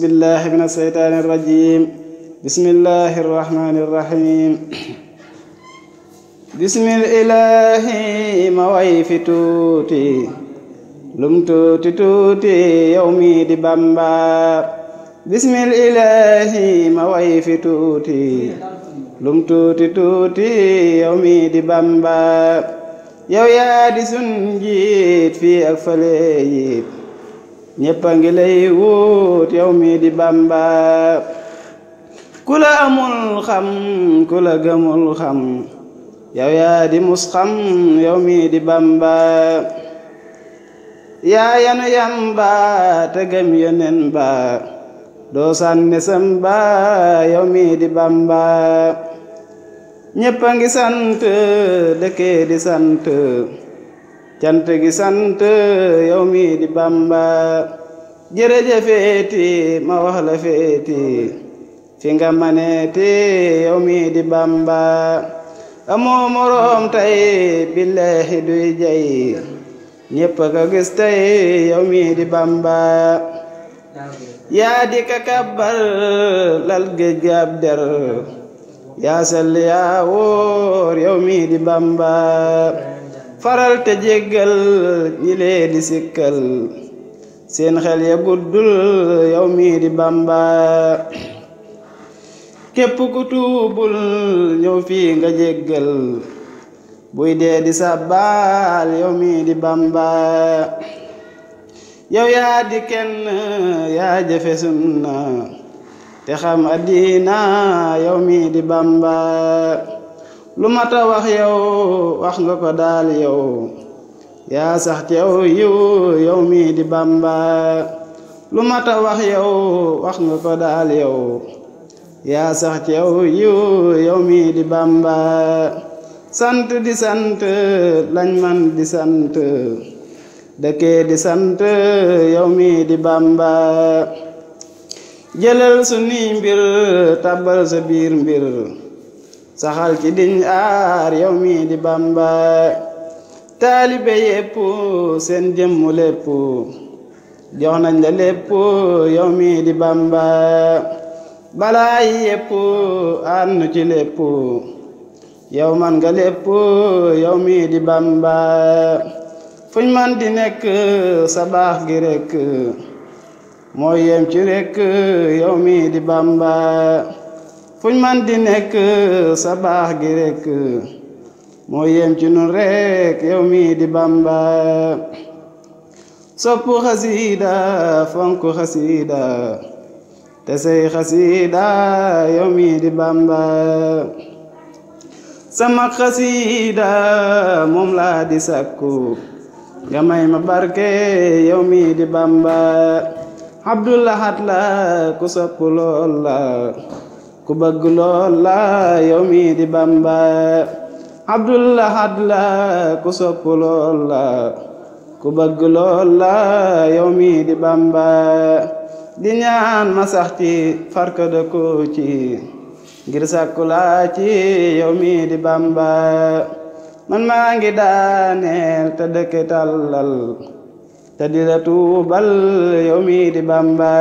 بالله من الشيطان الرجيم بسم الله الرحمن الرحيم بسم الإله موي في توتي لم توتي توتي يومي دي بامبا بسم الإله موي في توتي لم توتي توتي يومي دي بامبا يو يا دي سنجيت في أكفليت ñëpp a ngi lay wut yow mi di bamba ku la amul xam ku la gëmul xam yow yaa di mus xam yow mi di bamba yaa yanu yam te gëm yeneen ba doo sànni sam ba yow mi di bamba ñëpp a ngi sant dëkkee di sant cant gi sant mi di bamba jërëjëfeeti ma wax feeti fi nga maneeti mi di bamba amoo moroom tey billahi duy jay ñépp ka gis tey yow mi di bamba yaa di ka lal géej gi yaa sell yaa wóor di bamba faral te jéggal ñi di sikkal seen xel ya guddul yow mii di bàmba képp ku tuubul ñëw fii nga jéggal buy dee di sàbbaal yow mii di bàmba yow yaa di kenn yaa jëfe sunna te xam addina yow mii di bàmba lu mat a wax yow wax nga ko daal yow yaa sax ceew yiw yow mii di bàmba lu mat a wax yow wax nga ko daal yow yaa sax ceew yiw yow mii di bàmba sant di sant lañ di sant dëkkee di sant yow mii di bàmba jëlal su nii mbir tàbbal sa biir mbir saxal ci diñ aar yow mi di bamba taalibe yépp seen jëmmu lépp jox nañ la lépp yow mii di bamba balaa yi yépp ànd ci lépp yow man nga lépp yow mi di bamba fuñ man di nekk sa baax gi rekk moo yem ci rekk yow mi di bamba fuñ man di nekk sa baax gi rek moo yem ci nun rek yow mi di bamba sopp xasiida fonk xasiida te say xasiida yow mi di bamba sama xasiida moom laa di sakku nga may ma barke yow mi di bamba abdullah hat la ku sopp lool la ku bëgg lool la yow mi di bamba abdul ahad la ku sopp lool ku bëgg lool la yow mi di bamba di ñaan ma sax farka da ngir sàkku laa ci yow mi di bamba man maa ngi daaneel te dëkke tàllal te di la tuubal yow di bamba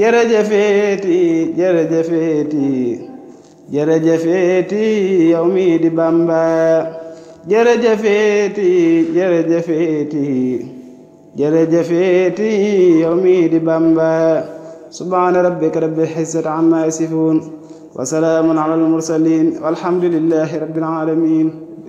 jërëjëfeeti jërëjëfeeti jërëjëfeeti yow mii di Bamba jërëjëfeeti jërëjëfeeti jërëjëfeeti yow mii di Bamba subhaana rabbika rabbil izzati ammaa yasifuun wa salaamun alal mursaliin walhamdulillaahi rabbil aalamiin